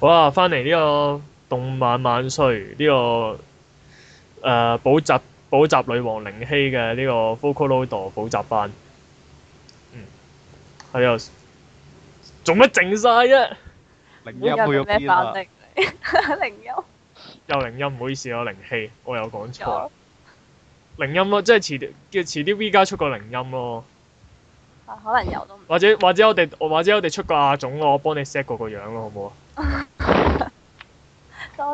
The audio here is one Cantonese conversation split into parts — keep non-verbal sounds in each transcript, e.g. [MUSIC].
好啊！翻嚟呢個動漫萬歲！呢、呢個誒補習補習女王靈希嘅呢個 Vocaloid 補習班，嗯，係啊，做乜整晒啫？靈音配有咩？啦，靈音又靈音，唔好意思啊，靈希，我有講錯，靈音，音咯，即係遲啲叫遲啲 V 家出個靈音咯，可能有都或，或者或者我哋或者我哋出個阿總我幫你 set 個個樣咯，好唔好啊？ [LAUGHS] 多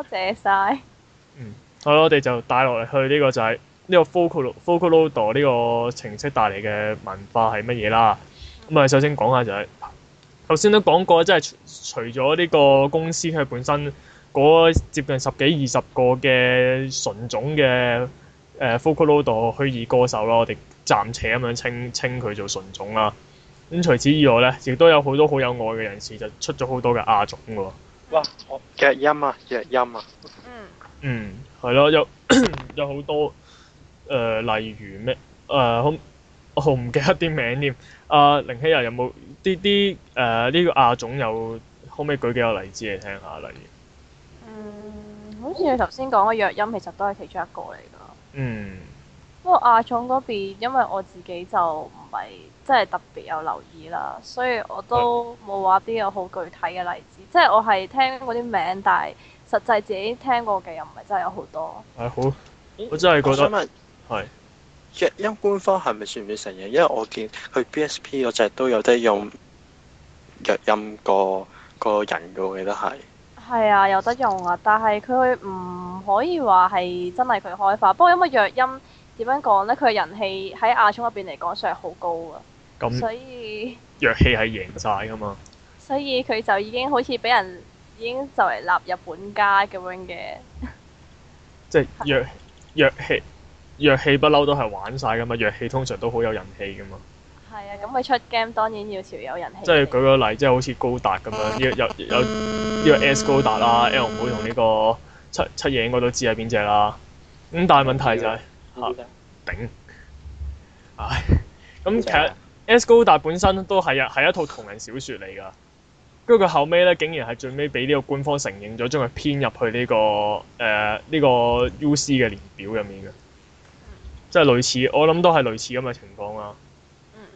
謝晒了！嗯，好啦，我哋就帶落去呢個就係呢個 Vocaloid Vocaloid 呢個程式帶嚟嘅文化係乜嘢啦？咁啊、嗯，首先講下就係、是，頭先都講過，即係除咗呢個公司佢本身嗰接近十幾二十個嘅純種嘅誒 Vocaloid 虛擬歌手啦，我哋暫且咁樣稱稱佢做純種啦。咁除此以外咧，亦都有好多好有愛嘅人士就出咗好多嘅亞種喎。哇！弱音啊，弱音啊。嗯。我嗯，係咯、嗯，有 [COUGHS] 有好多。誒、呃，例如咩？誒、呃，我我唔記得啲名添。阿、呃、林希啊，有冇啲啲誒呢個亞種有可唔可以舉幾個例子嚟聽下？例如。嗯，好似你頭先講嘅弱音，其實都係其中一個嚟㗎。嗯。不過阿、啊、總嗰邊，因為我自己就唔係真係特別有留意啦，所以我都冇話啲有好具體嘅例子。的即係我係聽嗰啲名，但係實際自己聽過嘅又唔係真係有好多。係、哎、好，我真係覺得。想問若音官方係咪算唔算承認？因為我見佢 B S P 嗰隻都有得用若音個個人嘅，我記得係。係啊，有得用啊！但係佢唔可以話係真係佢開發。不過因為若音。點樣講咧？佢嘅人氣喺亞洲嗰邊嚟講，實係好高㗎！咁所以弱氣係贏晒噶嘛，所以佢就已經好似俾人已經就嚟納入本家咁樣嘅。即係是 [LAUGHS] 弱弱氣弱氣不嬲都係玩晒噶嘛，弱氣通常都好有人氣噶嘛。係啊，咁佢出 game 當然要要有人氣。即係舉個例，即係好似高達咁樣，呢個有有呢、呢個 S 高達啦、嗯、，L 唔好同呢個七七嘢應該都知係邊隻啦。咁、嗯、但係問題就係、是、嚇。嗯嗯頂，唉、哎，咁、嗯、其實 S 高達本身都係啊，係一套同人小説嚟噶，跟住佢後尾咧，竟然係最尾俾呢個官方承認咗，將佢編入去呢、這個誒呢、呃這個 U.C. 嘅年表入面嘅，即係類似，我諗都係類似咁嘅情況啦。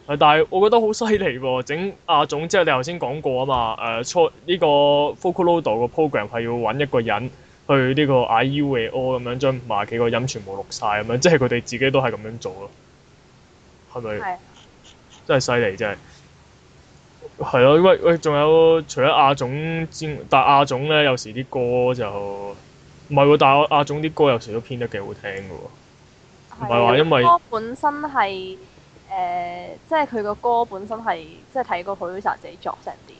但係我覺得好犀利喎，整阿、啊、總即係你頭先講過啊嘛，誒、呃、初呢、這個《Focalodo》個 program 係要揾一個人。去呢個 I U A O 咁樣將埋幾個音全部錄晒咁樣，即係佢哋自己都係咁樣做咯，係咪的？真係犀利，真係。係咯，喂喂，仲有除咗阿總之，但係亞總咧有時啲歌就唔係喎，但係阿總啲歌有時都編得幾好聽㗎喎。唔係話因為本身係誒，即係佢個歌本身係、呃、即係睇過許美靜自己作成啲。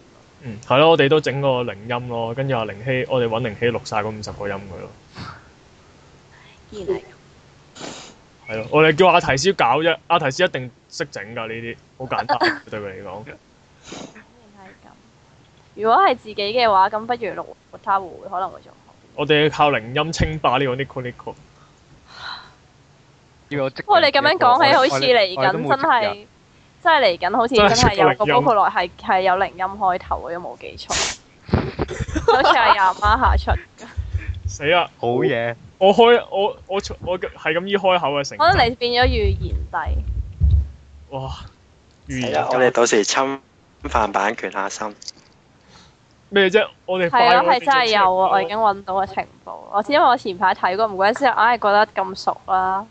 嗯，係咯，我哋都整個零音咯，跟住阿靈希，我哋揾靈希錄晒嗰五十個音佢咯，咯。原來係咁。係咯，我哋叫阿提斯搞啫，阿提斯一定識整噶呢啲，好簡單 [LAUGHS] 對佢嚟講。原來係咁。如果係自己嘅話，咁不如錄個他會可能會仲好。我哋要靠零音稱霸呢個 Nico Nico。因為 [LAUGHS] 我不哇！你咁樣講起好似嚟緊，真係～即真係嚟緊，好似真係有個《波酷來》，係，係有零音開頭嘅，如果冇記錯，好似係廿孖下出。死啊！好嘢我， [LAUGHS] 我開我我我係咁依開口嘅成。我覺得你變咗預言帝。哇！預言啊！我哋到時侵犯版權啊！心咩啫？我哋係咯，係真係有啊！我已經揾到嘅情報，我知，因為我前排睇過，唔怪之，我硬係覺得咁熟啦。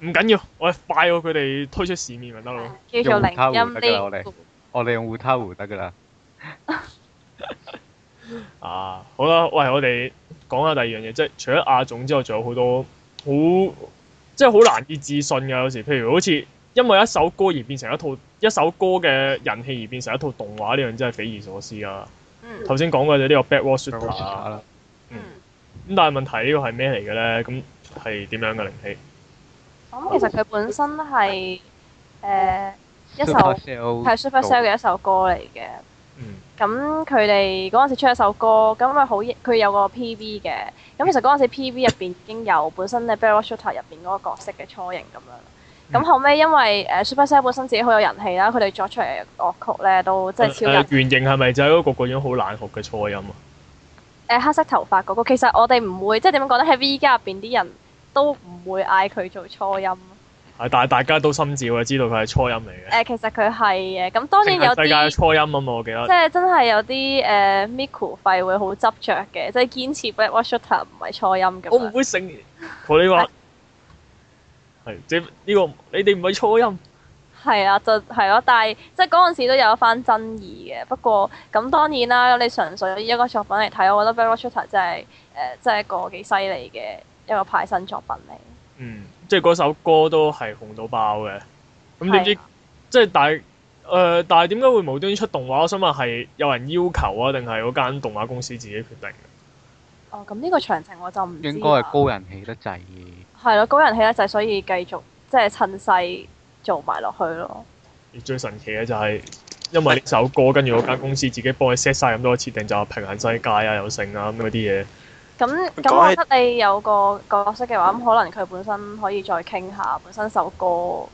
唔緊要，我快過佢哋推出市面咪得咯，用護他護得噶我哋，我哋用護他護得噶啦。 [LAUGHS] [LAUGHS] 啊，好啦，喂，我哋講下第二樣嘢，即係除咗阿總之外，仲有好多好即係好難以置信噶。有時譬如好似因為一首歌而變成一套，一首歌嘅人氣而變成一套動畫呢樣，真係匪夷所思啊！頭先講過就呢個《Bad Water Splash》嗯。咁、嗯、但係問題個呢個係咩嚟嘅咧？咁係點樣嘅靈氣？咁其實佢本身係誒、呃、一首係小 Supercell 嘅一首歌嚟嘅。咁佢哋嗰陣時出一首歌，咁咪好佢有個 P V 嘅。咁其實嗰陣時 P V 入邊已經有本身咧《Black Rock Shooter》入邊嗰個角色嘅初型咁樣。咁後尾因為誒 Supercell 本身自己好有人氣啦，佢哋作出嚟樂曲咧都即係超級、呃呃。原型係咪就係嗰個個樣好難學嘅初音啊？誒、呃，黑色頭髮嗰、嗰個其實我哋唔會即係點樣講咧，喺 V E 家入邊啲人。都唔會嗌佢做初音。係，但係大家都心知會知道佢係初音嚟嘅。誒、呃，其實佢係誒，咁當然有世界嘅初音啊嘛，我記得。即係真係有啲誒、呃，Miku 肺會好執着嘅，即係堅持 Black Rock Shooter 唔係初音嘅，我唔會承認，我哋話係即呢個你哋唔係初音。係啊，就係咯，但係即係嗰陣時都有一番爭議嘅。不過咁當然啦，你純粹一個作品嚟睇，我覺得 Black Rock Shooter 真係誒，即係一個幾犀利嘅。有個派生作品嚟，嗯，即係嗰首歌都係紅到爆嘅。咁點知、啊、即係但誒？但係點解會無端端出動畫？我想問係有人要求啊，定係嗰間動畫公司自己決定？哦，咁、嗯、呢、這個詳情我就唔知、啊、應該係高人氣得滯，係咯、啊，高人氣得滯，所以繼續即係趁勢做埋落去咯。最神奇嘅就係因為呢首歌，跟住嗰間公司自己幫佢 set 曬咁多設定，就係、是、平衡世界啊，友情啊咁嗰啲嘢。咁咁我覺得你有個角色嘅話，咁、嗯、可能佢本身可以再傾下本身首歌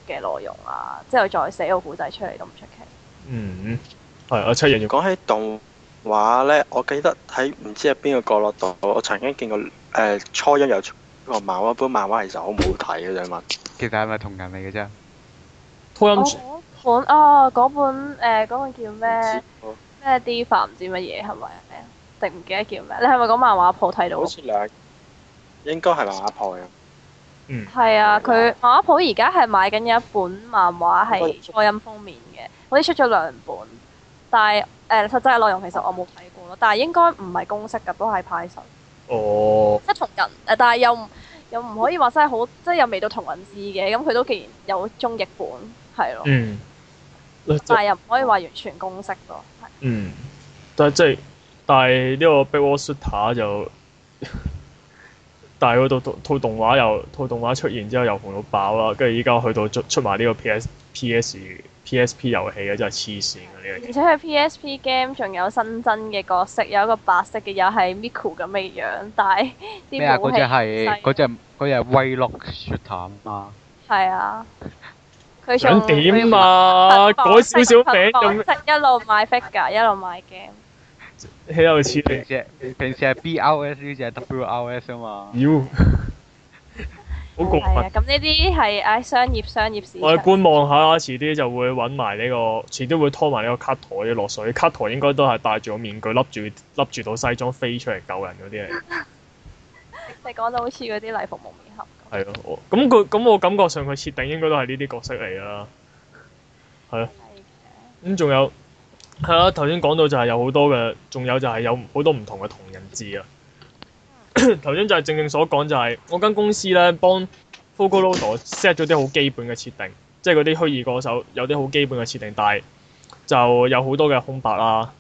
嘅內容啊，之後再寫個故仔出嚟都唔出奇。嗯，係。阿七仍然講起動畫咧，我記得喺唔知係邊個角落度，我曾經見過誒、呃、初音有出個漫畫，本漫畫其實好唔好睇嘅兩問。其實係咪同人嚟嘅啫？嗰、哦哦、本啊，嗰、哦、本誒，嗰、呃、本叫咩咩 Diva 唔知乜嘢係咪？定唔記得叫咩？你係咪講漫畫鋪睇到？好似兩，應該係漫畫鋪嘅。嗯。係啊，佢漫畫鋪而家係買緊一本漫畫係配音方面嘅，嗰啲、嗯、出咗兩本，但係誒、呃、實際內容其實我冇睇過咯。但係應該唔係公式嘅，都係派神。哦。即係同人誒，但係又又唔可以話真係好，即係又未到同人誌嘅咁。佢都既然有中譯本，係咯。嗯。但係又唔可以話完全公式咯。嗯，的嗯。但係即係。但係呢個《Big Wall Shooter [LAUGHS] 》就，但係佢套套動畫又套動畫出現之後又紅到爆啦，跟住依家去到出出埋呢個 PS、PS、PSP 遊戲嘅真係黐線嘅呢個。而且佢 PSP game 仲有新增嘅角色，有一個白色嘅又係 Miku 咁嘅樣，但係啲武器咩啊？嗰隻係嗰隻，嗰隻係威洛雪塔啊！係啊！佢想點啊？改少少餅咁，一路買 figure，一路買 game。起有似平時，平時係 b O s 呢只係 w O s 啊嘛。妖、哎喲，好 [LAUGHS] 過分。咁呢啲係誒商業商業，我哋觀望下，遲啲就會揾埋呢個，遲啲會拖埋呢個卡台落水。卡台應該都係戴住個面具，笠住笠住套西裝飛出嚟救人嗰啲嚟。 [LAUGHS] [LAUGHS] 你講得好似嗰啲禮服蒙面俠。係咯，咁佢咁我感覺上佢設定應該都係呢啲角色嚟㗎啦。係啊，咁、嗯、仲有。係啊，頭先講到就係有好多嘅，仲有就係有好多唔同嘅同人誌啊。頭先 [COUGHS] 就係正正所講就係、是，我間公司咧幫 Vocaloid set 咗啲好基本嘅設定，即係嗰啲虛擬歌手有啲好基本嘅設定，但係就有好多嘅空白啦。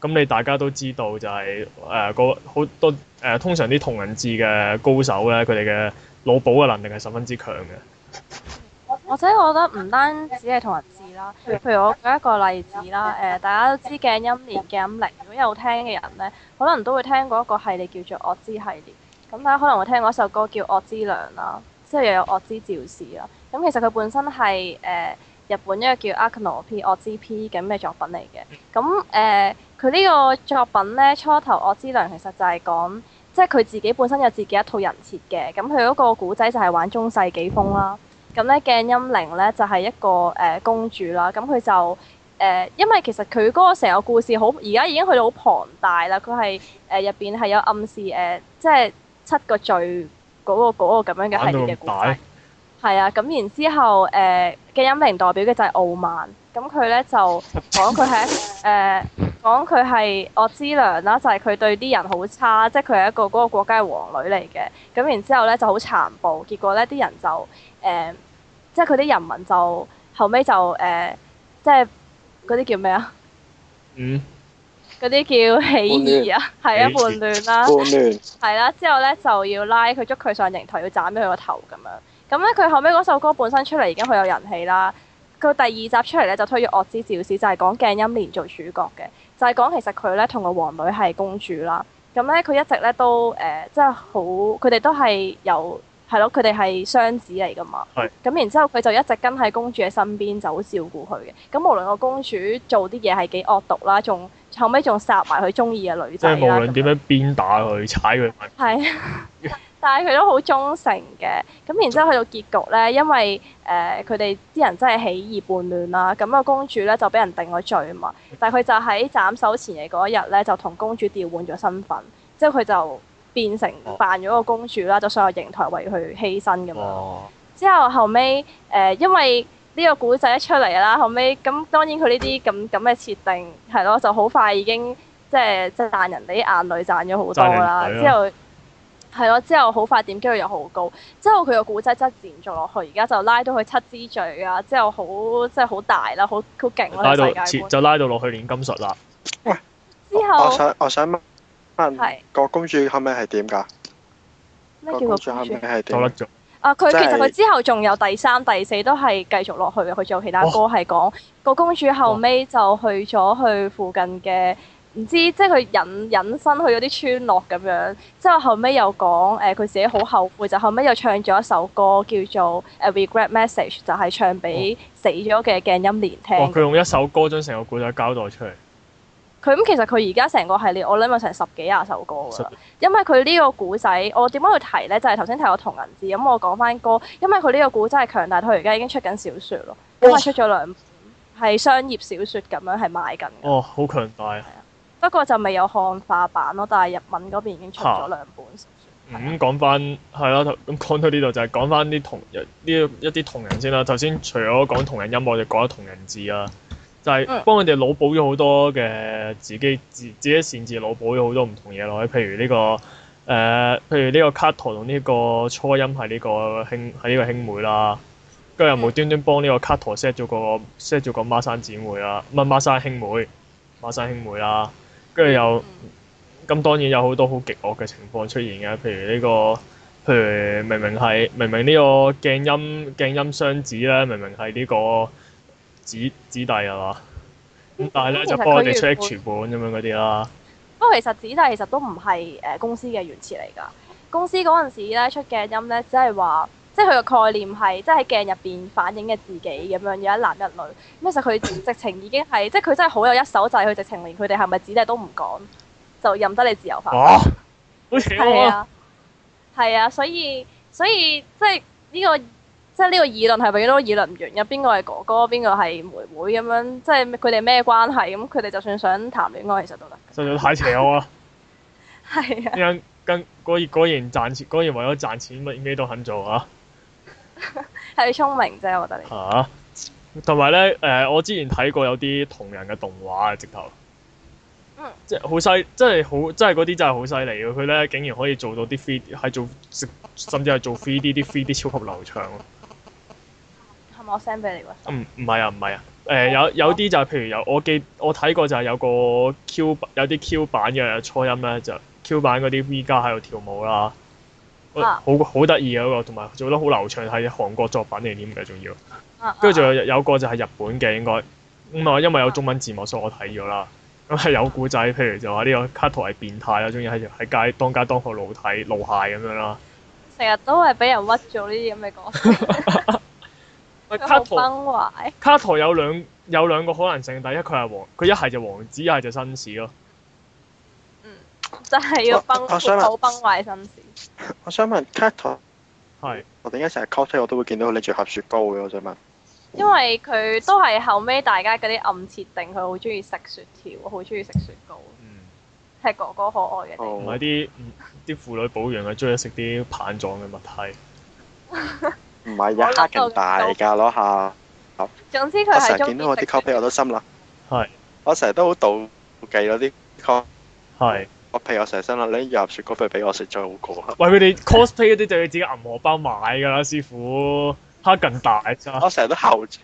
咁你大家都知道就係誒好多誒、呃，通常啲同人誌嘅高手咧，佢哋嘅腦補嘅能力係十分之強嘅。或者我覺得唔單止係同人譬如我舉一個例子啦，誒、呃，大家都知鏡音連、鏡音鈴，如果有聽嘅人咧，可能都會聽過一個系列叫做惡之系列。咁大家可能會聽過一首歌叫《惡之娘》啦，之後又有《惡之召使》啦。咁其實佢本身係誒、呃、日本一個叫 Akuno P 惡之 P 咁嘅作品嚟嘅。咁誒，佢、呃、呢個作品咧，初頭《惡之娘》其實就係講，即係佢自己本身有自己一套人設嘅。咁佢嗰個故仔就係玩中世紀風啦。咁咧、嗯、鏡音鈴咧就係、是、一個誒、呃、公主啦，咁、嗯、佢就誒、呃，因為其實佢嗰個成個故事好，而家已經去到好龐大啦。佢係誒入邊係有暗示誒、呃，即係七個罪嗰、那個嗰咁、那個、樣嘅系列嘅故事。係啊，咁、嗯、然之後誒、呃、鏡音鈴代表嘅就係傲慢，咁佢咧就講佢係誒講佢係惡之娘啦，就係、是、佢對啲人好差，即係佢係一個嗰、那個國家嘅王女嚟嘅，咁、嗯、然之後咧就好殘暴，結果咧啲人就誒。呃呃呃呃呃即係佢啲人民就後尾，就誒，即係嗰啲叫咩啊？嗯。嗰啲叫起義啊，係啊，叛亂啦。叛亂。係啦，之後咧就要拉佢捉佢上刑台，要斬咗佢個頭咁樣。咁咧佢後尾嗰首歌本身出嚟已經好有人氣啦。佢第二集出嚟咧就推咗惡之召使，就係講鏡音連做主角嘅，就係、是、講其實佢咧同個王女係公主啦。咁咧佢一直咧都誒，即係好，佢哋都係有。係咯，佢哋係雙子嚟噶嘛，咁的然之後佢就一直跟喺公主嘅身邊，就好照顧佢嘅。咁無論個公主做啲嘢係幾惡毒啦，仲後尾仲殺埋佢中意嘅女仔，即係無論點樣鞭打佢、踩佢，係，但係佢都好忠誠嘅。咁然之後去到結局咧，因為誒佢哋啲人真係起義叛亂啦，咁個公主咧就俾人定咗罪嘛。但係佢就喺斬首前嘅嗰一日咧，就同公主調換咗身份，即係佢就。變成扮咗個公主啦，就上個刑台為佢犧牲咁樣。之後後尾，誒，因為呢個古仔一出嚟啦，後尾咁當然佢呢啲咁咁嘅設定係咯，就好快已經即係賺人哋啲眼淚賺咗好多啦。之後係咯，之後好快點擊率又好高。之後佢個古仔真係延續落去，而家就拉到佢七支罪啊！之後好即係好大啦，好好勁啦，世界觀就拉到落去煉金術啦。喂，之後我，我想我想問係個公主後尾係點噶？咩叫公個公主？後尾係點？啊，佢其實佢之後仲有第三、第四都係繼續落去嘅。佢仲有其他歌係講、哦、個公主後尾就去咗去附近嘅唔、哦、知，即係佢隱隱身去嗰啲村落咁樣。之後後尾又講誒，佢、呃、自己好後悔，就後尾又唱咗一首歌叫做《誒 Regret Message》，就係唱俾死咗嘅鏡音連聽。佢、哦哦、用一首歌將成個故仔交代出嚟。佢咁其實佢而家成個系列，我諗有成十幾廿首歌㗎啦。因為佢呢個古仔，我點樣去提呢？就係頭先提過同人字。咁我講翻歌，因為佢呢個古仔係強大，佢而家已經出緊小説咯。因都出咗兩本，係商業小説咁樣係賣緊。哦，好強大啊！不過就未有漢化版咯，但係日文嗰邊已經出咗兩本小説。咁、嗯、講翻係啦，咁、啊、講到呢度就係、是、講翻啲同人，呢一啲同人先啦。頭先除咗講同人音樂，就講咗同人字啦、啊。但係幫佢哋腦補咗好多嘅自己自自己擅自腦補咗好多唔同嘢落去，譬如呢個誒、呃，譬如呢個卡托同呢個初音係呢個兄係呢個兄妹啦，跟住又無端端幫呢個卡托 set 咗個 set 咗個孖生姊妹啦，唔、嗯、孖生兄妹，孖生兄妹啦，跟住又咁當然有好多好極惡嘅情況出現嘅，譬如呢個，譬如明明係明明呢個鏡音鏡音雙子咧，明明係呢個。子子弟啊嘛？咁但係咧就幫我哋出一全本咁樣嗰啲啦。不過其實子弟其實都唔係誒公司嘅原詞嚟㗎。公司嗰陣時咧出鏡音咧，即係話即係佢個概念係即係喺鏡入邊反映嘅自己咁樣，有一男一女。咁其實佢直情已經係 [LAUGHS] 即係佢真係好有一手掣，佢、就是、直情連佢哋係咪子弟都唔講，就任得你自由發揮。啊！好邪啊！係啊，所以所以，所以即係呢、呢個。即係呢個議論係永遠都議論唔完，有邊個係哥哥，邊個係妹妹咁樣，即係佢哋咩關係？咁佢哋就算想談戀愛，其實都得。實在太邪惡啦！係 [LAUGHS] 是啊！依家跟果然果然賺錢，果然為咗賺錢，乜嘢都肯做啊，係 [LAUGHS] 聰明啫，我覺得你嚇。同埋咧，誒、呃，我之前睇過有啲同人嘅動畫嘅直頭，即係好犀，即係好，即係嗰啲真係好犀利嘅佢咧，竟然可以做到啲 three 係做，甚至係做 three D 啲 three D 超級流暢。係咪我 send 俾你喎？嗯，唔係啊，唔係啊。誒、啊欸哦，有有啲就係、是、譬如有我記，我睇過就係有個 Q 有啲 Q 版嘅初音咧，就 Q 版嗰啲 V 家喺度跳舞啦。啊嗯、好好得意嗰個，同埋做得好流暢，係韓國作品嚟㗎，仲要。跟住仲有有個就係日本嘅應該，咁為因為有中文字幕，所以我睇咗啦。咁、嗯、係、嗯嗯、有故仔，譬如就話呢個 KAITO 係變態啦，中意喺喺街，街，街當家當路路睇路蟹咁樣啦。成日都係俾人屈咗呢啲咁嘅講。卡托卡托有兩有兩個可能性，第一佢係王，佢一係就王子，一係就紳士咯。嗯，就係要崩好崩壞紳士。我想問卡托，係我哋一成日 call 出我都會見到佢拎住盒雪糕嘅？我想問，因為佢都係後尾大家嗰啲暗設定，佢好中意食雪條，好中意食雪糕。嗯，係哥哥可愛嘅。同埋啲啲婦女保養佢中意食啲棒狀嘅物體。 [LAUGHS] 唔係呀，黑更大㗎，攞下。好。我成日見到我啲 copy 我都心諗。係是。我成日都好妒忌嗰啲 copy。係、e, 是。我譬如我成身諗，你入雪糕皮俾我食最好過。喂，佢哋 cosplay 嗰啲就要自己銀荷包買㗎啦，師傅。黑更大， [LAUGHS] 大。我成日都睺住，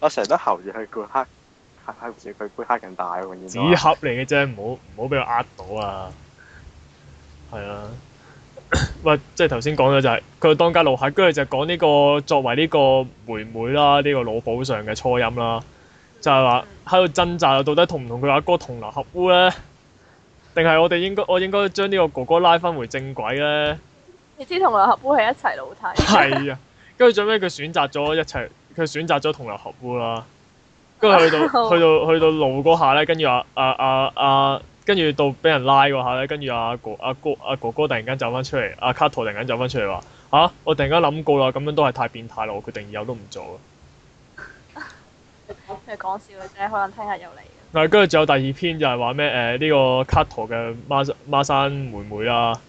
我成日都睺住佢個黑，睇唔住佢杯黑更大喎。紙盒嚟嘅啫，唔好唔好俾我呃到啊。係啊。喂， [COUGHS] 即係頭先講咗就係佢當家老客，跟住就講呢、呢個作為呢個妹妹啦，呢、呢個老堡上嘅初音啦，就係話喺度掙扎到底同唔同佢阿哥，哥同流合污呢？定係我哋應該我應該將呢個哥哥拉翻回正軌呢？你知同流合污係一齊老太？係 [LAUGHS] 啊，跟住最尾佢選擇咗一齊，佢選擇咗同流合污啦。跟住去到 [LAUGHS] 去到去到路嗰下呢，跟住話啊啊啊！啊啊啊跟住到俾人拉嗰下咧，跟住阿哥阿哥阿哥哥突然間走翻出嚟，阿卡托突然間走翻出嚟話，吓，我突然間諗過啦，咁樣都係太變態啦，我決定以後都唔做啦，係講笑嘅啫，可能聽日又嚟。嗱，跟住仲有第二篇就係話咩？誒，呢個卡托嘅孖孖生妹妹啦，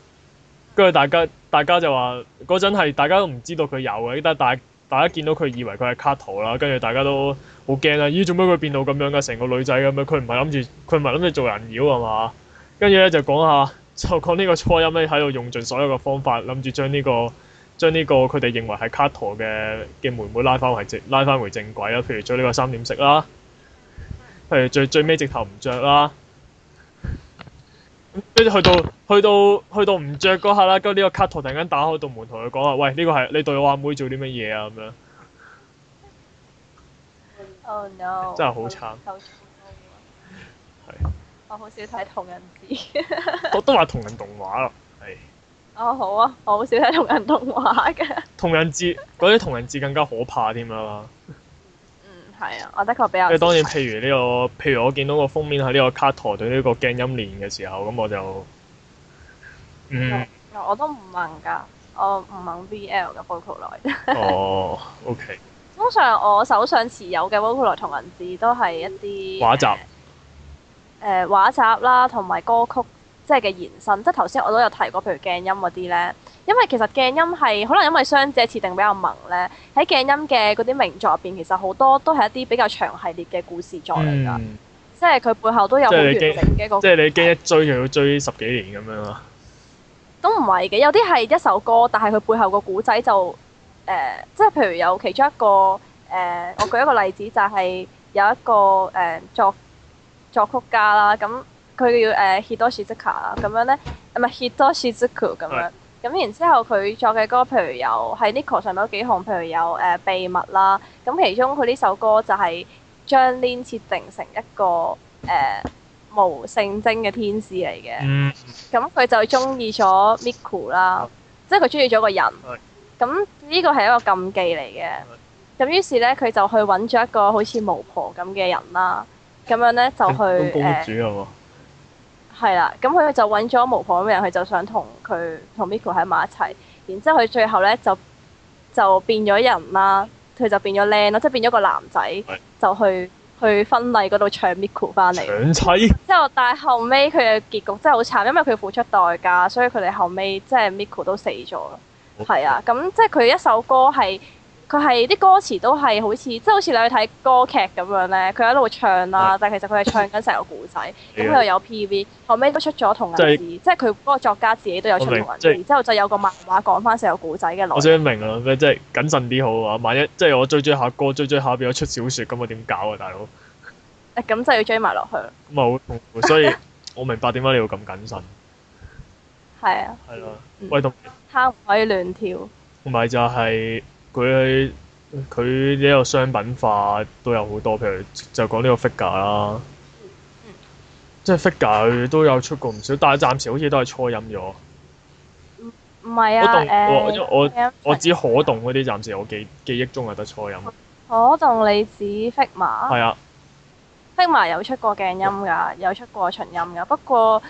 跟住大家大家就話嗰陣係大家都唔知道佢有嘅，但係大。大家見到佢以為佢係卡陀啦，跟住大家都好驚啦。咦？做咩會變到咁樣噶？成個女仔咁樣，佢唔係諗住，佢唔係諗住做人妖係嘛？跟住咧就講下，就講呢個初音咧喺度用盡所有嘅方法，諗住將呢個將呢個佢哋認為係卡陀嘅嘅妹妹拉翻回正拉翻回正軌啦。譬如著呢個三點式啦，譬如最最尾直頭唔着啦。跟住去到去到去到唔着嗰下啦，跟住呢個卡托突然間打開道門，同佢講話：喂，呢、呢個係你對我阿妹,妹做啲乜嘢啊？咁樣。Oh no！真係好慘。我好少睇同人誌。我 [LAUGHS] [LAUGHS] 都話同人動畫咯，係、哎。哦，oh, 好啊，我好少睇同人動畫嘅。 [LAUGHS] 同人誌嗰啲同人誌更加可怕添啦。係啊，我的確比較即係當然，譬如呢、呢個，譬如我見到個封面係呢個卡託對呢個鏡音連嘅時候，咁我就嗯，我都唔盲㗎，我唔盲 BL 嘅 vocaloid、 [LAUGHS] 哦。哦，OK。通常我手上持有嘅 vocaloid 同人誌都係一啲畫集。誒畫、呃、集啦，同埋歌曲即係嘅延伸，即係頭先我都有提過，譬如鏡音嗰啲咧。因為其實鏡音係可能因為雙子設定比較萌咧，喺鏡音嘅嗰啲名作入邊，其實好多都係一啲比較長系列嘅故事作嚟㗎，嗯、即係佢背後都有好完整嘅一個故事，即係你驚一追就要追十幾年咁樣啊？都唔係嘅，有啲係一首歌，但係佢背後個故仔就誒、呃，即係譬如有其中一個誒、呃，我舉一個例子就係、是、有一個誒、呃、作作曲家啦，咁、嗯、佢叫誒 Hitoshizuka 啦，咁、呃、樣咧唔係 Hitoshizuku 咁樣。 [MUSIC] 咁然之後，佢作嘅歌，譬如有喺 Nico 上面有幾項，譬如有誒、呃、秘密啦。咁其中佢呢首歌就係將 Lin 設定成一個誒、呃、無性徵嘅天使嚟嘅。咁佢、嗯嗯、就中意咗 Miku 啦，啊、即係佢中意咗個人。咁呢、啊嗯這個係一個禁忌嚟嘅。咁於、啊、是呢，佢就去揾咗一個好似巫婆咁嘅人啦。咁樣呢，就去、欸係啦，咁佢就揾咗巫婆嘅人，佢就想同佢同 Miko 喺埋一齊。然之後佢最後呢，就就變咗人啦，佢就變咗靚啦，即係變咗個男仔，的就去去婚禮嗰度搶 Miko 翻嚟。搶之妓後，但係後尾，佢嘅結局真係好慘，因為佢付出代價，所以佢哋後尾即係 Miko 都死咗。係啊的，咁即係佢一首歌係。佢係啲歌詞都係好似即係好似你去睇歌劇咁樣咧，佢喺度唱啦，但係其實佢係唱緊成油故仔咁，佢又有 P V，後尾都出咗同人誌，即係佢嗰個作家自己都有出同人誌，之後就有個漫畫講翻成個故仔嘅內容。我先明啦，即係謹慎啲好啊，萬一即係我追追下歌，追追下變咗出小説咁我點搞啊，大佬？誒咁就要追埋落去啦。咁啊好痛苦，所以我明白點解你要咁謹慎。係啊。係啊，威動。他，可以亂跳。同埋就係。佢係佢呢個商品化都有好多，譬如就講呢個 f i g u r e 啦、嗯，即係 f i g u r e 都有出過唔少，但係暫時好似都係初音咗。唔唔係啊，我動、欸、我我， [NOISE] 我，我指可動嗰啲，暫時我記記憶中係得初音。可動你指 figma？係啊，figma 有出過鏡音㗎，有出過巡音㗎。不過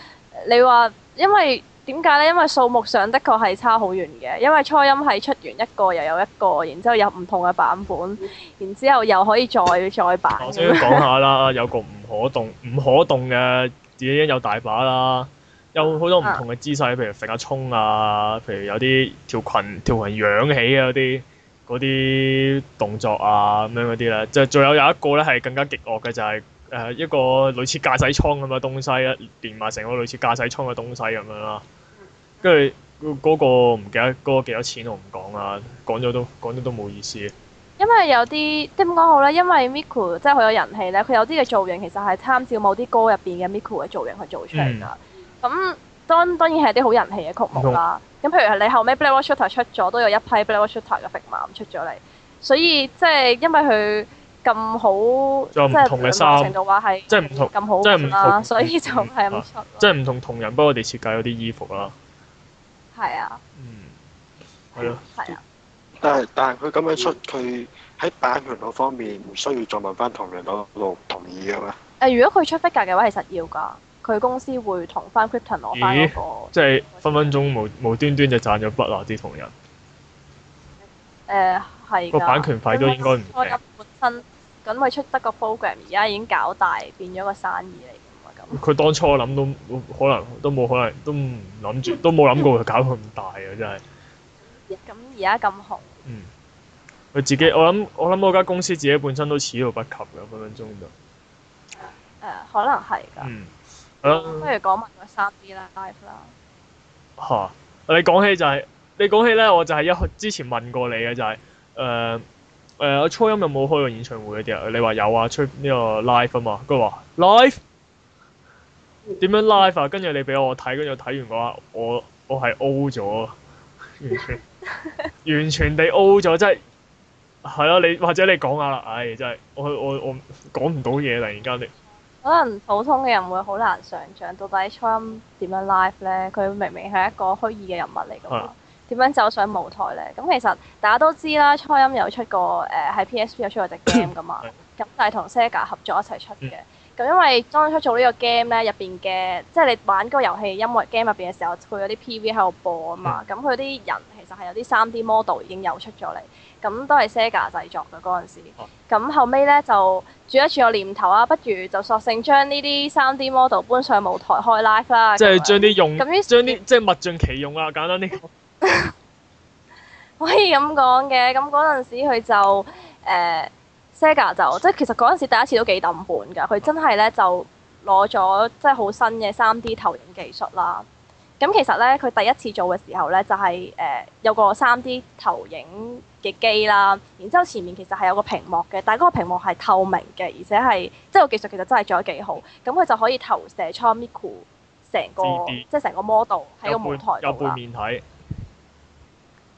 你話因為。點解呢？因為數目上的確係差好遠嘅。因為初音係出完一個又有一個，然之後有唔同嘅版本，然之後又可以再 [LAUGHS] 可以再版。再版我先講下啦， [LAUGHS] 有個唔可動、唔可動嘅自己有大把啦，有好多唔同嘅姿勢，譬如成日衝啊，譬如有啲條裙條裙仰起啊，嗰啲嗰啲動作啊咁樣嗰啲啦。就仲有有一個咧係更加極惡嘅，就係、是、誒一個類似駕駛艙咁嘅東西啊，連埋成個類似駕駛艙嘅東西咁樣啦。跟住嗰個唔記得嗰、嗰個幾多錢我，我唔講啦。講咗都講咗都冇意思。因為有啲點講好咧？因為 Miku 真係好有人氣咧，佢有啲嘅造型其實係參照某啲歌入邊嘅 Miku 嘅造型去做出嚟㗎。咁當、嗯、當然係啲好人氣嘅曲目啦。咁不同 譬如你後尾 Black Rock Shooter 出咗，都有一批 Black Rock Shooter 嘅服男出咗嚟，所以即係、就是、因為佢咁好即係程度話係即係唔同咁好啦，所以就係唔即係唔同同人幫我哋設計嗰啲衣服啦。係啊，嗯，係咯了，係啊，但係但係佢咁樣出，佢喺、啊、版權嗰方面唔需要再問翻同人攞路同意嘅咩？誒，如果佢出 figure 嘅話，係實要㗎。佢公司會同翻 Crypton 攞翻一個咦即係分分鐘無無端端就賺咗筆啦！啲同人。誒係、呃。個版權費都應該唔平。本身咁佢出得個 program，而家已經搞大，變咗個生意嚟。佢當初我諗都可能都冇可能都唔諗住都冇諗過佢搞咁大啊！真係。咁而家咁紅。嗯。佢自己我諗我諗嗰間公司自己本身都始料不及嘅，分分鐘就。誒、呃呃，可能係㗎、嗯。嗯。誒。不如講埋個三 D 啦，live 啦。嚇、啊！你講起就係、是、你講起咧，我就係一之前問過你嘅就係誒誒，我初音有冇開過演唱會嗰啲啊？你話有啊？出呢個 live 啊嘛，佢話 live。點樣 live 啊？跟住你俾我睇，跟住我睇完嘅話，我我係 O 咗，完全 [LAUGHS] 完全地 O 咗，即係係啊，你或者你講下啦，唉真係我我我講唔到嘢，突然間你可能普通嘅人會好難想像到底初音點樣 live 咧？佢明明係一個虛擬嘅人物嚟㗎嘛，點是的 樣走上舞台咧？咁其實大家都知啦，初音有出過誒喺 PSP 有出過隻 game 㗎嘛，咁但係同 Sega 合作一齊出嘅。嗯咁因為當初做呢個 game 咧，入邊嘅即係你玩嗰個遊戲，音樂 game 入邊嘅時候，佢有啲 PV 喺度播啊嘛。咁佢啲人其實係有啲 3D model 已經有出咗嚟。咁都係 Sega 製作嘅嗰陣時。咁、哦、後尾咧就轉一轉個念頭啊，不如就索性將呢啲 3D model 搬上舞台開 live 啦。即係將啲用，將啲即係物盡其用啊！簡單啲。 [LAUGHS] [LAUGHS] 可以咁講嘅，咁嗰陣時佢就誒。呃 Sega 就即係其實嗰陣時第一次都幾揼本㗎，佢真係咧就攞咗即係好新嘅 3D 投影技術啦。咁、嗯、其實咧佢第一次做嘅時候咧就係、是、誒、呃、有個 3D 投影嘅機啦，然之後前面其實係有個屏幕嘅，但係嗰個屏幕係透明嘅，而且係即係個技術其實真係做得幾好。咁、嗯、佢就可以投射出 Miku 成個半即係成個 model 喺個舞台度有背面睇。誒係、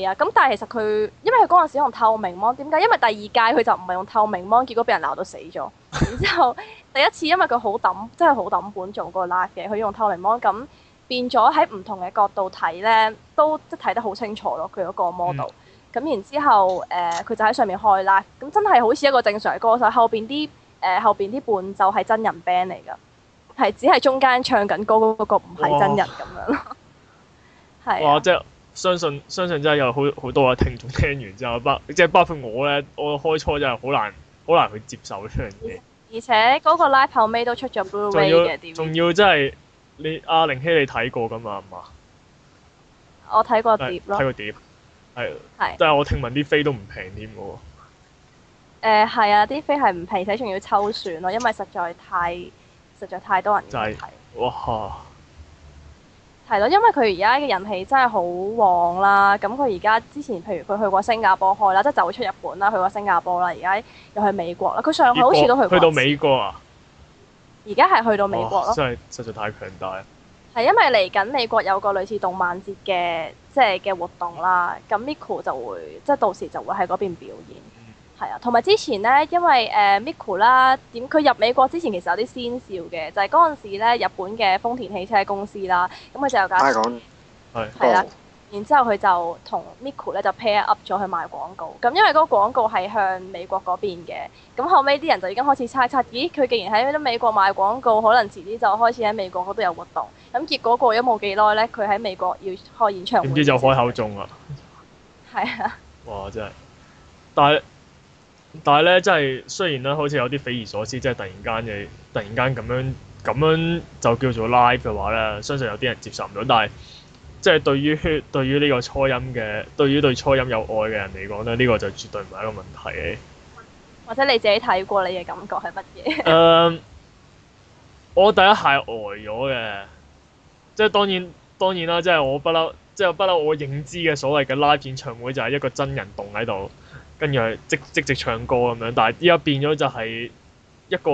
uh, 啊，咁但係其實佢因為佢嗰陣時用透明芒，點解？因為第二屆佢就唔係用透明芒，結果俾人鬧到死咗。 [LAUGHS] 然之後第一次，因為佢好揼，真係好揼本做嗰個 live 嘅，佢用透明芒咁變咗喺唔同嘅角度睇呢，都即睇得好清楚咯。佢嗰個 model，咁、嗯、然之後誒佢、呃、就喺上面開 live，咁真係好似一個正常嘅歌手。後邊啲誒後邊啲伴奏係真人 band 嚟㗎，係只係中間唱緊歌嗰個唔係真人咁樣咯。係 [LAUGHS] 是、啊相信相信真係有好好多嘅聽眾聽完之後，包即係包括我咧，我開初真係好難好難去接受呢樣嘢。而且嗰個 live 後尾都出咗 blue ray 嘅碟。仲要，TV 要真係你阿玲希你睇過噶嘛？我睇過碟咯、欸。睇過碟，係的。係。但係我聽聞啲飛都唔平添嘅喎。係啊的，啲飛係唔平，而且仲要抽選咯，因為實在太實在太多人要睇、就是。哇！係咯，因為佢而家嘅人氣真係好旺啦。咁佢而家之前，譬如佢去過新加坡開啦，即係走出日本啦，去過新加坡啦，而家又去美國啦。佢上海好似都去去到美國啊！而家係去到美國咯。真係、哦、實，實在太強大。係因為嚟緊美國有個類似動漫節嘅即係嘅活動啦，咁 Miko 就會即係到時就會喺嗰邊表演。係啊，同埋之前咧，因為誒、呃、Miku 啦，點佢入美國之前其實有啲先兆嘅，就係嗰陣時咧，日本嘅豐田汽車公司啦，咁佢就有間，香港係係啦，oh。然之後佢就同 Miku 咧就 pair up 咗去賣廣告。咁因為嗰個廣告係向美國嗰邊嘅，咁後尾啲人就已經開始猜測，咦佢既然喺美國賣廣告，可能遲啲就開始喺美國嗰度有活動。咁結果過咗冇幾耐咧，佢喺美國要開演唱會，點知就開口中啦。係啊！哇！真係，但係。但係咧，真係雖然咧，好似有啲匪夷所思，即係突然間嘅，突然間咁樣咁樣就叫做 live 嘅話咧，相信有啲人接受唔到，但係即係對於對於呢個初音嘅，對於對初音有愛嘅人嚟講咧，呢、這個就絕對唔係一個問題。或者你自己睇過，你嘅感覺係乜嘢？誒，um, 我第一下呆咗嘅，即係當然當然啦，即、就、係、是、我不嬲，即係不嬲，我認知嘅所謂嘅 live 演唱會就係一個真人動喺度。跟住係即即直唱歌咁樣，但係依家變咗就係一個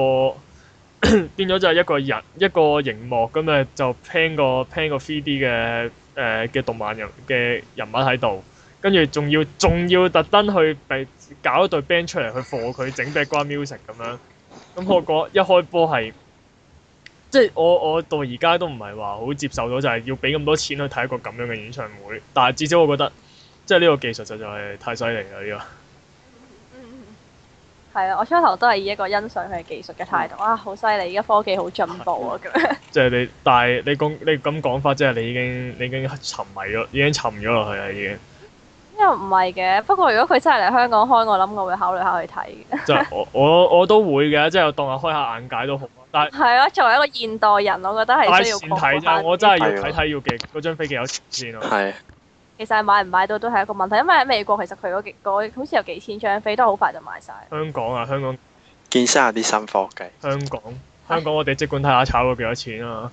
[COUGHS] 變咗就係一個人一個熒幕咁誒，就 plan 個 plan 個 three D 嘅，誒嘅動漫人嘅人物喺度，跟住仲要仲要特登去俾搞一隊 band 出嚟去火佢整 background music 咁樣。咁我覺一開波係即係我我到而家都唔係話好接受到，就係要俾咁多錢去睇一個咁樣嘅演唱會。但係至少我覺得即係呢個技術實在係太犀利啦！呢個。係啊，我初頭都係以一個欣賞佢嘅技術嘅態度，啊，好犀利！而家科技好進步啊咁樣。即係的 [LAUGHS] 你，但係你講你咁講法，即係你已經，你已經沉迷咗，已經沉咗落去啦已經。又唔係嘅，不過如果佢真係嚟香港開，我諗我會考慮下去睇。即 [LAUGHS] 係我我，我都會嘅，即係當下開下眼界都好。但係係啊，作為一個現代人，我覺得係。但係前睇但我真係要睇睇呀要幾嗰張飛機有錢先啊。係呀。其實係買唔買到都係一個問題，因為喺美國其實佢嗰幾嗰、那個、好似有幾千張飛，都好快就賣晒。香港啊，香港見識下啲新科技。香港， [LAUGHS] 香港，我哋即管睇下炒到幾多錢啊！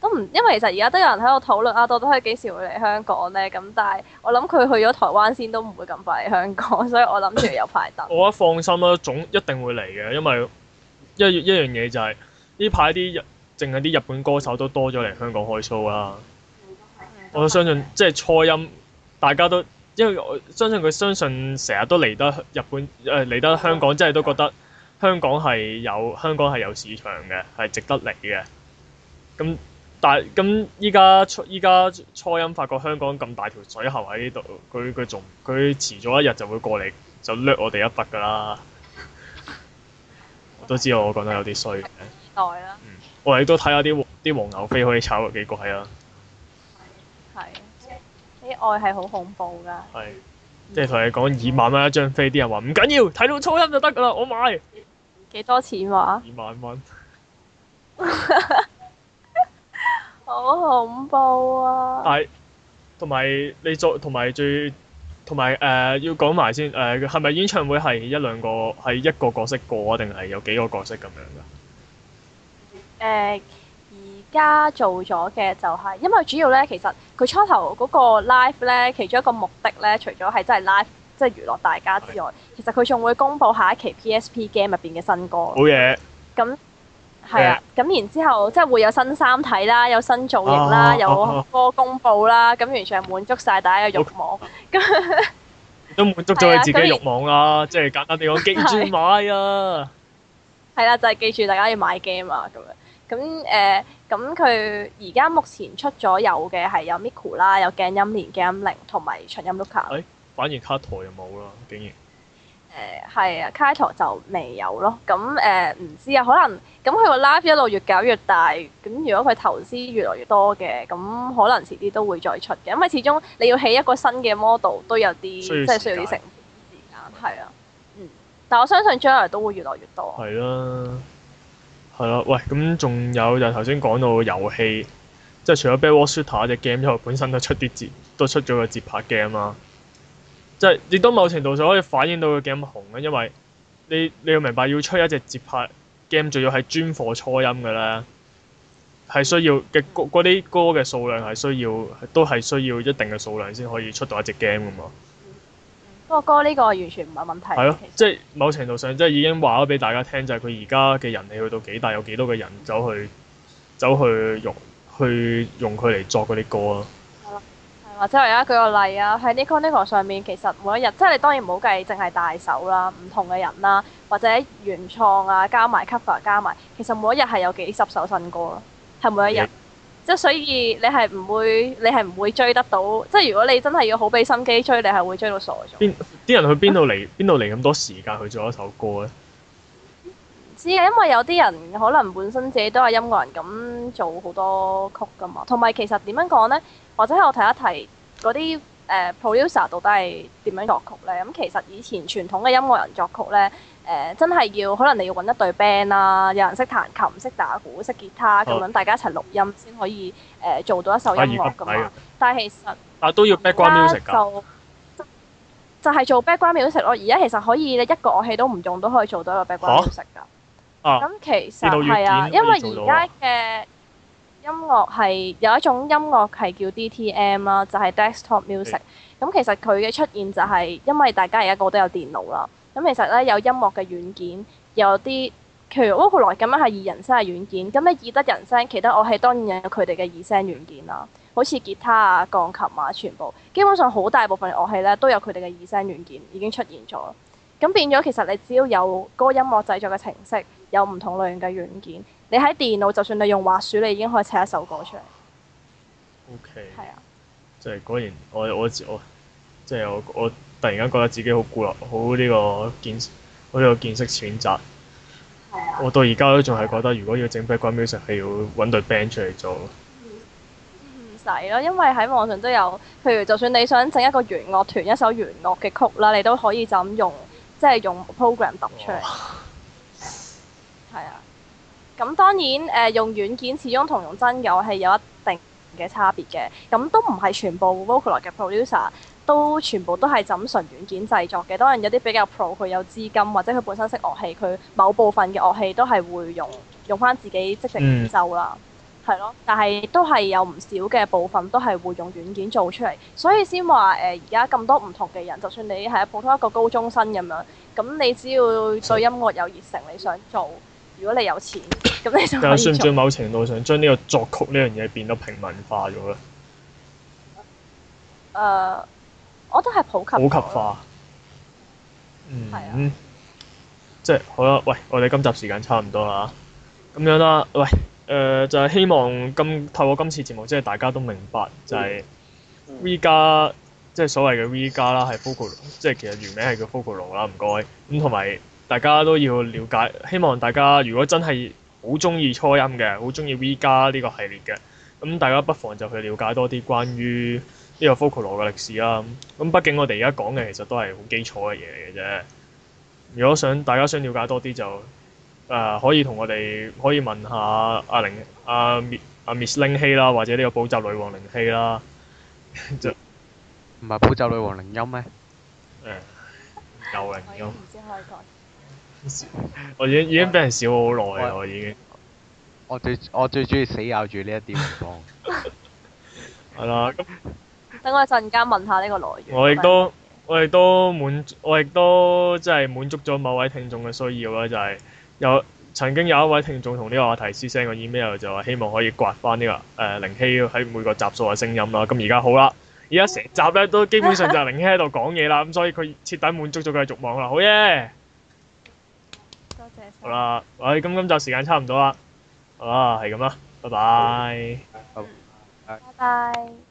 都唔，因為其實而家都有人喺度討論啊到底係幾時會嚟香港呢？咁但係我諗佢去咗台灣先都唔會咁快嚟香港，所以我諗住有排等。我一放心啦、啊，總一定會嚟嘅，因為一一樣嘢就係呢排啲淨係啲日本歌手都多咗嚟香港開 show 啦。我相信，即係初音，大家都因為我相信佢相信，成日都嚟得日本誒嚟、呃、得香港，即係都覺得香港係有香港係有市場嘅，係值得嚟嘅。咁但係咁依家初依家初音發覺香港咁大條水喉喺呢度，佢佢仲佢遲早一日就會過嚟就掠我哋一筆㗎啦。 [LAUGHS] 我都知道我講得有啲衰。嘅、嗯，我哋都睇下啲黃啲黃牛飛可以炒幾貴啊！係，啲愛係好恐怖噶。係、嗯，即係同你講二萬蚊一張飛，啲人話唔緊要，睇到初音就得噶啦，我買。幾多錢話、啊？二萬蚊。 [LAUGHS] [LAUGHS] 好恐怖啊！係，同埋你再，同埋最，同埋誒要講埋先，誒係咪演唱會係一兩個，係一個角色過啊，定係有幾個角色咁樣噶？誒、呃。而家做咗嘅就係，因為主要咧，其實佢初頭嗰個 live 咧，其中一個目的咧，除咗係真係 live 即係娛樂大家之外，其實佢仲會公布下一期 PSP game 入邊嘅新歌。好嘢！咁係啊，咁然之後即係會有新衫睇啦，有新造型啦，有歌公布啦，咁完全係滿足晒大家嘅慾望。咁都滿足咗你自己慾望啦，即係簡單啲講，記住買啊！係啦，就係記住大家要買 game 啊，咁樣咁誒。咁佢而家目前出咗有嘅係有 Miku 啦，有鏡音連、鏡音鈴同埋巡音 Luka。k、哎、反而卡台又冇啦，竟然。誒、呃，係啊，卡台就未有咯。咁、嗯、誒，唔、呃、知啊，可能咁佢個 live 一路越搞越大。咁如果佢投資越來越多嘅，咁可能遲啲都會再出嘅。因為始終你要起一個新嘅 model 都有啲，即係需要啲成本時間，係啊。嗯，但我相信將來都會越來越多。係啦、啊。係咯，喂，咁仲有就頭先講到遊戲，即係除咗 Battle Shooter 隻 game 之外，本身都出啲節，都出咗個節拍 game 啦。即係亦都某程度上可以反映到個 game 紅啊，因為你你要明白要出一隻節拍 game，仲要係專課初音噶啦，係需要嘅嗰啲歌嘅數量係需要都係需要一定嘅數量先可以出到一隻 game 噶嘛。個歌呢個完全唔係問題。係咯、啊，即係某程度上，即係已經話咗俾大家聽，就係佢而家嘅人氣去到幾大，有幾多個人走去走去用，去用佢嚟作嗰啲歌咯、啊。係、嗯、或者我而家舉個例啊，喺 The c o n, one, n 上面，其實每一日，即係你當然唔好計，淨係大手啦，唔同嘅人啦，或者原創啊，加埋 cover，加埋，其實每一日係有幾十首新歌咯、啊，係每一日。嗯即所以你係唔會，你係唔會追得到。即係如果你真係要好俾心機追，你係會追到傻咗。啲人去邊度嚟？邊度嚟咁多時間去做一首歌呢？知啊，因為有啲人可能本身自己都係音樂人咁，做好多曲噶嘛。同埋其實點樣講呢？或者我提一提嗰啲誒 producer 到底係點樣作曲呢？咁其實以前傳統嘅音樂人作曲呢。誒、呃、真係要，可能你要揾一隊 band 啦、啊，有人識彈琴、識打鼓、識吉他咁、啊、樣，大家一齊錄音先可以誒、呃、做到一首音樂咁啊！在在但係其實、啊，但係都要 background music、啊、就係、就係、係、做 background music 咯、啊。而家其實可以一個樂器都唔用都可以做到一個 background music 㗎、啊。咁、啊、其實係啊，因為而家嘅音樂係有一種音樂係叫 DTM 啦、啊，就係、係、desktop music。咁其實佢嘅出現就係因為大家而家個個都有電腦啦。咁其實咧有音樂嘅軟件，有啲，譬如 Vocaloid 咁樣係擬人聲嘅軟件，咁你擬得人聲，其他樂器當然有佢哋嘅擬聲軟件啦，好似吉他啊、鋼琴啊，全部基本上好大部分樂器咧都有佢哋嘅擬聲軟件已經出現咗。咁變咗其實你只要有嗰個音樂製作嘅程式，有唔同類型嘅軟件，你喺電腦就算你用滑鼠，你已經可以砌一首歌出嚟。O K。係啊。即係果然，我我我，即係我我。我就是我我。突然間覺得自己好孤立，好呢、這個見，好呢個見識選擇。啊、我到而家都仲係覺得，如果要整 background music，係要揾對 band 出嚟做。唔使咯，因為喺網上都有，譬如就算你想整一個弦樂團一首弦樂嘅曲啦，你都可以就咁用，即、就、係、是、用 program 揼出嚟。係哇啊。咁當然誒、呃，用軟件始終同用真有係有一嘅差別嘅，咁都唔係全部。Vocaloid 嘅 producer 都全部都係就咁純軟件製作嘅，當然有啲比較 pro，佢有資金或者佢本身識樂器，佢某部分嘅樂器都係會用用翻自己即席演奏啦，係咯。但係都係有唔少嘅部分都係會用軟件做出嚟，所以先話誒而家咁多唔同嘅人，就算你係普通一個高中生咁樣，咁你只要對音樂有熱誠，你想做，如果你有錢。但係算唔算某程度上將呢個作曲呢樣嘢變得平民化咗咧？誒，uh，我覺得係普及普及化。嗯，係啊，即係好啦，喂，我哋今集時間差唔多啦，咁樣啦，喂，誒、呃、就係希望今透過今次節目，即係大家都明白就係、是、V 加，嗯、即係所謂嘅 V 加啦，係 Focal，即係其實原名係叫 Focal 啦，唔該。咁同埋大家都要了解，希望大家如果真係好中意初音嘅，好中意 V 家呢個系列嘅。咁大家不妨就去了解多啲關於呢個 Vocaloid 嘅歷史啦。咁畢竟我哋而家講嘅其實都係好基礎嘅嘢嚟嘅啫。如果想大家想了解多啲就，誒、呃、可以同我哋可以問下阿靈阿 s 阿 Miss 靈希啦，或者呢個補習， [LAUGHS] 就補習女王靈希啦。唔係補習女王靈音咩？有舊靈 [LAUGHS] 我已經已經俾人笑好耐啦！我，我已經，我最我最中意死咬住呢一點地方。係啦，咁等我一陣間問下呢個來源。我亦都我亦都滿我亦都即係滿足咗某位聽眾嘅需要啦，就係、是、有曾經有一位聽眾同呢個話題 send 個 email 就話希望可以刮返呢、這個誒、呃、靈希喺每個集數嘅聲音啦。咁而家好啦，而家成集咧都基本上就係靈希喺度講嘢啦，咁 [LAUGHS] 所以佢徹底滿足咗佢嘅慾望啦。好耶！好啦，喂，咁今集時間差唔多啦，好啦，係咁啦，拜拜，好，拜拜好，拜拜。拜拜。